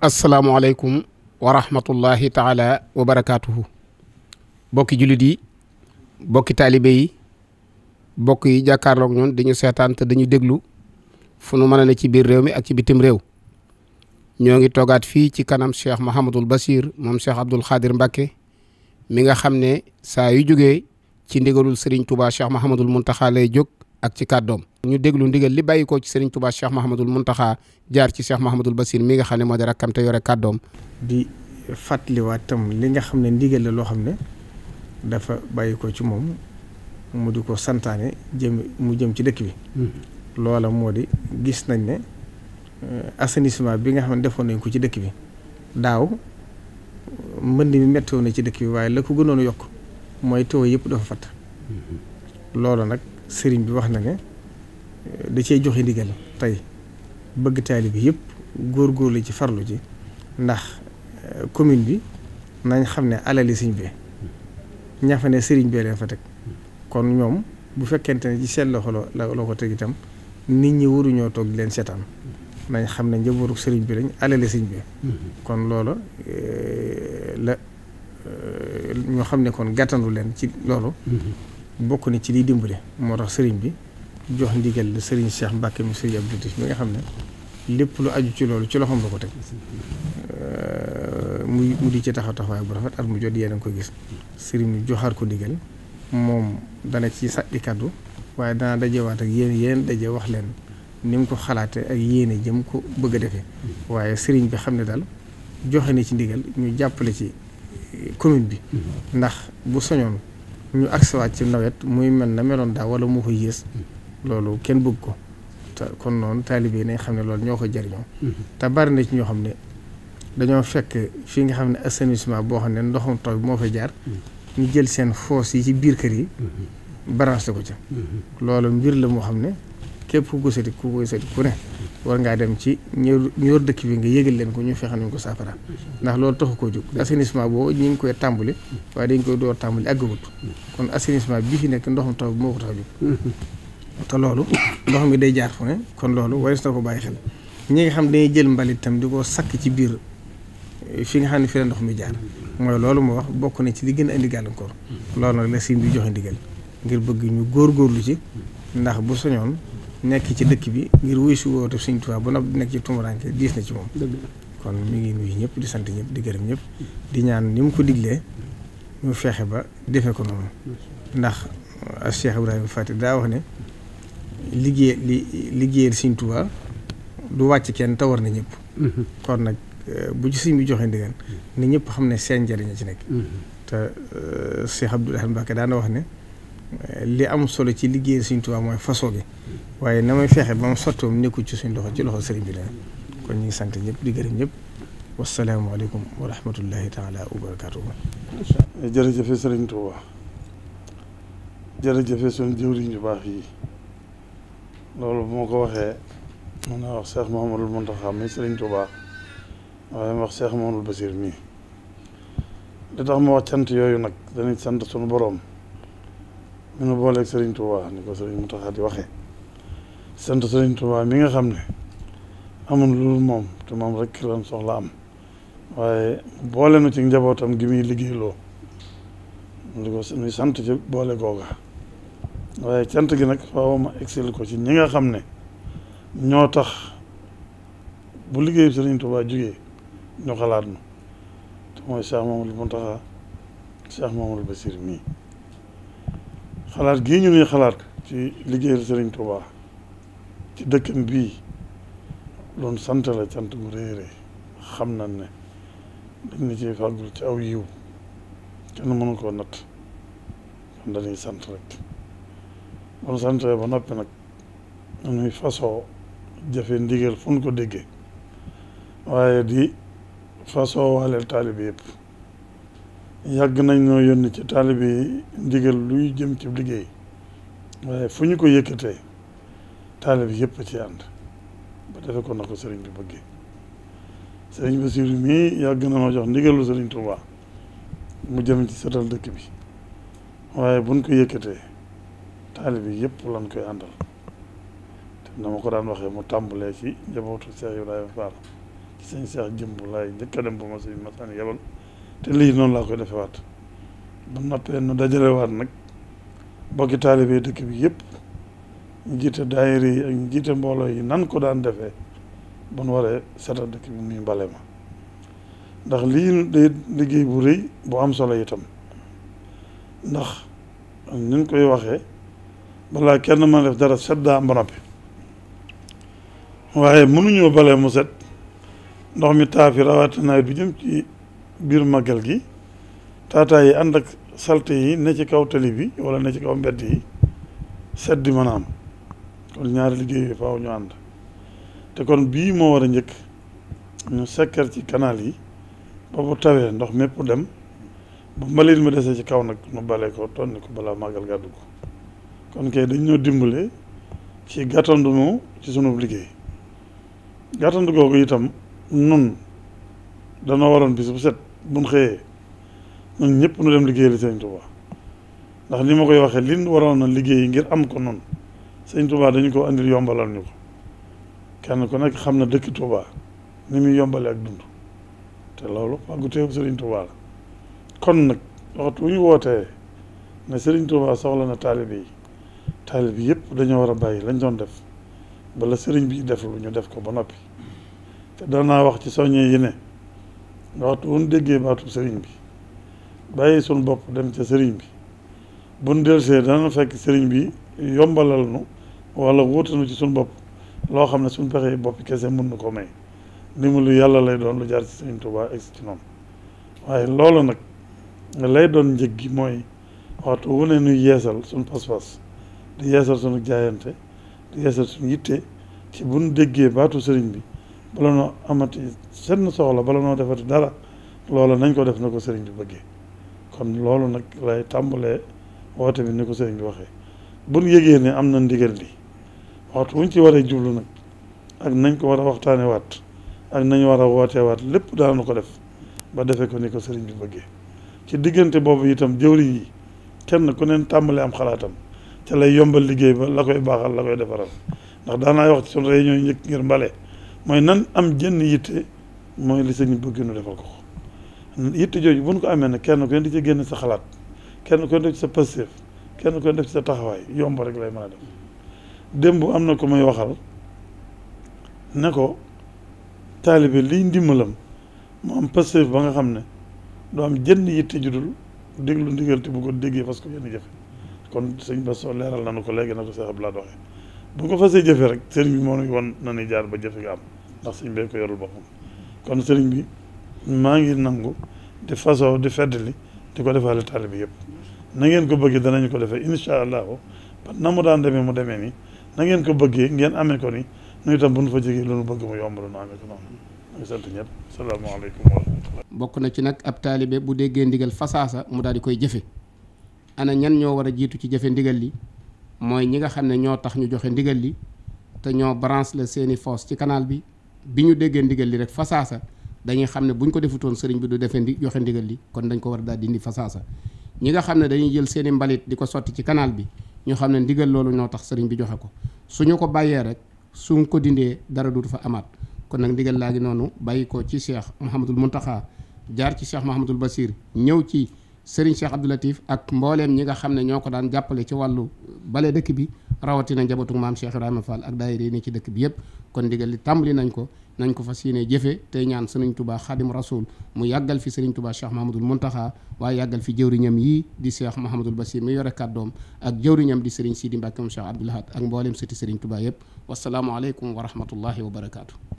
asalaamualeykum wa rahmatullahi taala wa barakaatuhu bokki jullit yi bokki taalibe yi bokk yi jàkkaarloog ñun dañu seetaan te dañu déglu fu nu mën a ne ci biir réew mi ak ci bitim réew ñoo ngi toogaat fii ci kanam cheikh Mouhamadul Bachir moom cheikh Abdoul Khadir Mbacke mi nga xam ne saa yu jógee ci ndigalul Serigne Touba cheikh Mouhamadul Mountakha lay jóg ak ci kàddoom ñu déglu ndigal li bàyyi ko ci Serigne Touba Cheikh Mahamadul Muntaxa jaar ci Cheikh Mahamadul Basir mi nga xam ne moo di rakkam te yore kàddoom di fàttaliwaat tam li nga xam ne ndigal la loo xam ne dafa bàyyikoo ci moom mu di ko santaane jëm mu jëm ci dëkk bi hmm. loola moo di gis nañ ne euh, assainissement bi nga xam ne defoon nañ ko ci dëkk bi daaw mbënd mi mettoon na ci dëkk bi waaye la ko gënoon yokk mooy taw yëpp dafa fatt hmm. loolu nag sëriñ bi wax na ne eh, da cee joxe ndigal tey bëgg taali bi yëpp góorgóorlu ci farlu ji ndax eh, commune bi nañ xam ne alali sëriñ bi ña fa ne sëriñ bee leen fa teg kon ñoom bu fekkente ne ci seen loxo la loo ko teg itam nit ñi waruñoo toog leen seetaan nañ xam ne njabootu sëriñ bi lañ alali sëriñ bi kon loola eh, la ñoo xam ne kon gàttandu leen ci loolu bokk na ci liy dimbali moo tax sëriñ bi jox ndigal la sëriñ Cheikh Mbacke mi sëriñ Abdou Latif bi nga xam ne lépp lu aju ci loolu ci loxoom la ko teg euh, muy mu di ci taxaw taxawaay bu rafet at mu jot yéen a ngi koy gis sëriñ bi joxaat ko ndigal moom dana ci sàddi kàddu waaye dana dajewaat ak yéen yéen daje wax leen ni mu ko xalaatee ak yéene jëm ko bëgg a defee waaye sëriñ bi xam ne dal joxe na ci ndigal ñu jàppale ci commune bi ndax bu soñoon. ñu agsiwaat ci nawet muy mel na meloon daaw wala moo ko yées mm-hmm. loolu kenn bugg ko te kon noonu taalibe nañ xam ne loolu ñoo ko jariñoo mm-hmm. te bari na ci ñoo xam ne dañoo fekk fii nga xam ne assainissement boo xam ne ndoxum taw moo fa jaar mm-hmm. ñu jël seen foos yi ci biir kër yi branché ko ca loolu mbir la moo xam ne képp ku ko sëti ku koy sëti ku ne war ngaa dem ci ñëw ñëw dëkk bi nga yëgal leen ko ñu fexe nañ ko saafara ndax loolu taxu koo jóg assainissement boobu ñu ngi koy tàmbali waaye dañ koy door tàmbali àggagut kon assainissement bi fi nekk ndoxum taw bi tax jóg mhm. te loolu ndox mi day jaar fu kon loolu waris na ko bàyyi xel ñi nga xam dañuy jël mbalit di ko sakk ci biir eh, fi nga xam ne fi ndox mi jaar mooy loolu moo wax bokk na ci li gën a indi gàllankoor loolu nag la sëñ bi joxe ndigal ngir bëgg ñu góor góorgóorlu ci ndax bu soñoon nekk ci dëkk bi ngir wuy si woote Sëriñ Tuubaa ba noppi nekk ci tumuraanke diis na ci moom kon mu ngi nuy ñëpp di sant ñëpp di gërëm ñëpp di ñaan ni mu ko diglee ñu feexe ba defe ko noonu ndax a Cheikh Ibrahima daa wax ne liggéey li liggéeyal Sëriñ Tuubaa wàcc kenn te war na ñëpp mhm. kon nag euh, bu ci sëñ bi joxe ndigal ni ñëpp xam ne seen njëriñ ci nekk mhm. te euh, Cheikh Abdoul Ahad wax ne euh, li am solo ci liggéeyal Sëriñ Tuubaa mooy façon gi waaye na may fexe ba mu sottoom nekku ci suñ loxo ci loxo sëriñ bi la kon ñu ngi sant ñëpp di gërëm ñëpp wasalaamualeykum wa rahmatullahi taala wa barakaatu. jërëjëf sëriñ Touba jërëjëf suñu jëwriñ yu baax yi loolu bu ma ko waxee mën naa wax Cheikh Mouhamadul Mountakha mi sëriñ Touba waaye ma wax Cheikh Mouhamadul Basir mi li tax ma wax cant yooyu nag danañ sant suñu boroom ñu nu booleeg sëriñ Touba ni ko sëriñ Mountakha di waxee. sant Sëriñ Tuubaa mi nga xam ne amul lu moom te moom rek lan soxla am waaye boole nu ci njabootam gi muy liggéeyloo di ko nuy sant ci boole googa waaye cant gi nag faaw ma excel ko ci ñi nga xam ne ñoo tax bu liggéey Sëriñ Tuubaa jógee ñu xalaat nu te mooy Cheikh Mamadou Mountakha Cheikh Mamadou Bassir mii xalaat gii ñu nuy xalaat ci liggéeyal Sëriñ Tuubaa ci dëkkam bii loolu sant la cant xam na ne dañ na ci fàggul ci aw yiw kenn mënu natt kon dañuy sant rek bon sant ba noppi nag ñuy fasoo jafe ndigal fu ko déggee waaye di fasoo waaleel taalibe yëpp yàgg nañ noo yónni ci taalibe yi ndigal luy jëm ci liggéey waaye fuñu ko yëkkatee taalibe yëpp a ci ànd ba defe ko na ko sëriñ bi bëggee sëriñ Basiiru mii yàgg na ma jox ndigalu sëriñ Tuubaa mu jëm ci setal dëkk bi waaye buñ ko yëkkatee taalibe yëpp lan koy àndal te na ma ko daan waxee mu tàmbalee ci njabootu Cheikh Ibrahima Fall ci sëñ Cheikh jëmb laay njëkk a dem ba ma sëñ Masaan yebal te lii noonu laa koy defewaat ba noppee nu dajalewaat nag bokki taalibe dëkk bi yëpp njiite daayira yi ak njiite mbooloo yi nan ko daan defee ba nu waree setal dëkk bi muy mbale ma ndax lii day liggéey bu rëy bu am solo itam ndax ñu koy waxee balaa kenn mën def dara set daa waaye mënuñoo bale mu set ndox mi taafi rawaati nawet bi jëm ci biir màggal gi taataa yi ànd ak salte yi ne ci kaw tali bi wala ne ci kaw mbedd yi set di mën a am kon ñaari liggéey faw ñu ànd te kon bii moo war a njëkk ñu sekkar ci kanaal yi ba bu tawee ndox mépp dem bu mbalit mi desee ci kaw nag nu bale ko tonni ko balaa màggal gàddu ko kon dimbale ci gàttandu ci sunu liggéey gàttandu googu itam nun dana waroon bis bu set buñ xëyee nun ñëpp nu dem liggéey li Sëriñ ndax ni ma koy waxee lin waroon na liggéey ngir am ko nun sëñ Touba dañu ko indi yombalal ñu ko kenn ku nekk xam na dëkk Touba ni muy yombale ak dund te loolu pàgguteefu sëriñ Touba la kon nag waxtu wu ñu wootee ne sëriñ Touba soxla na taalibe yi taalibe yëpp dañoo war a bàyyi lañ doon def bala sëriñ bi def lu ñu def ko ba noppi te danaa wax ci soññee yi ne waxtu wu ñu déggee baatu sëriñ bi bàyyi suñ bopp dem ca sëriñ bi buñ delsee dana fekk sëriñ bi yombalal nu wala wóotanu ci suñ bopp loo xam ne suñ pexee boppi kese mun na koo may lu yàlla lay doon lu jaar ci Sëriñ Tuubaa egsi ci noonu waaye loolu nag lay doon njëg gi mooy waxtu wu ne nuy yeesal suñ pas-pas di yeesal suñu jaayante di yeesal suñu yitte ci buñ déggee baatu sëriñ bi bala noo amati seen soxla bala noo defati dara loola nañ ko def na ko sëriñ bi bëggee kon loolu nag lay tàmbalee woote bi ni ko sëriñ bi waxee bu buñ yégee ne am na ndigal li waxtu ñu ci war a jublu nag ak nañ ko war a waxtaane waat ak nañ war a wootee waat lépp daanu ko def ba defee ko ni ko sëriñ bi bëggee ci diggante boobu itam jëwriñ yi kenn ku neen tàmbali am xalaatam ca lay yombal liggéey ba la koy baaxal la koy defaral ndax daanaay wax ci suñu réunion yi njëkk ngir mbale mooy nan am jenn yitte mooy li sëriñ bëgg nu defal ko yitte jooju bu ñu ko amee nag kenn ku ne di ci génn sa xalaat kenn ku ne ci sa pastéef kenn ku def ci sa taxawaay yomb rek lay mën démb am na ko may waxal ne ko taalibe liy ndimbalam mu am pastéef ba nga xam ne du am jënn yitte judul déglu ndigal te bu ko déggee fas ko yenn jëfe kon sëñ Basso leeral na nu ko léegi na ko Seex Abdu Lahat waxee bu ko fasee jëfe rek sëriñ bi moo nuy won na ni jaar ba jëfe nga am ndax sëñ bee ko yorul boppam kon sëriñ bi maa ngi nangu di façon di feddali di ko defaale taalibe yëpp na ngeen ko bëggee danañu ko defee incha allahu na mu daan demee mu demee nii na ngeen ko bëggee ngeen amee ko ni nu itam bu nu fa jógee loolu bëgg mu yomb la nu amee ko noonu ngi sant ñëpp salaamaaleykum wa rahmatulah bokk na ci nag ab taalibe bu déggee ndigal fasaasa mu daal di koy jëfe ana ñan ñoo war a jiitu ci jëfe ndigal li mooy ñi nga xam ne ñoo tax ñu joxe ndigal li te ñoo branche la seeni foos ci kanaal bi bi ñu déggee ndigal li rek fasaasa dañuy xam ne buñ ko defutoon sëriñ bi du defee joxe ndigal li kon dañ ko war daal dindi fasaasa ñi nga xam ne dañuy jël seeni mbalit di ko sotti ci canal bi ñu xam ne ndigal loolu ñoo tax sëriñ bi joxe ko su ñu ko bàyyee rek suñ ko dindee dara dootu fa amaat kon nag ndigal laa ngi noonu bàyyi ko ci cheikh Mouhamadul Mountakha jaar ci cheikh Mouhamadul Basir ñëw ci sëriñ cheikh Abdou Latif ak mbooleem ñi nga xam ne ñoo ko daan jàppale ci wàllu bale dëkk bi rawatina njabootu maam cheikh Ibrahima Fall ak daayira yi ni ci dëkk bi yëpp kon ndigal li tàmbali nañ ko nañ ko fas yéene jëfe tey ñaan sëriñ tubaa xaadim rasul mu yàggal fi sëriñ tubaa cheikh mahamadul muntaxa waa yàggal fi jëwriñam yii di cheikh mahamadul basir mi yore kàddoom ak jëwriñam di sëriñ di mbàkke mu cheikh abdoulahat ak mboolem sëti sëriñ tubaa yëpp wasalaamualeykum wa rahmatullahi wa barakaatu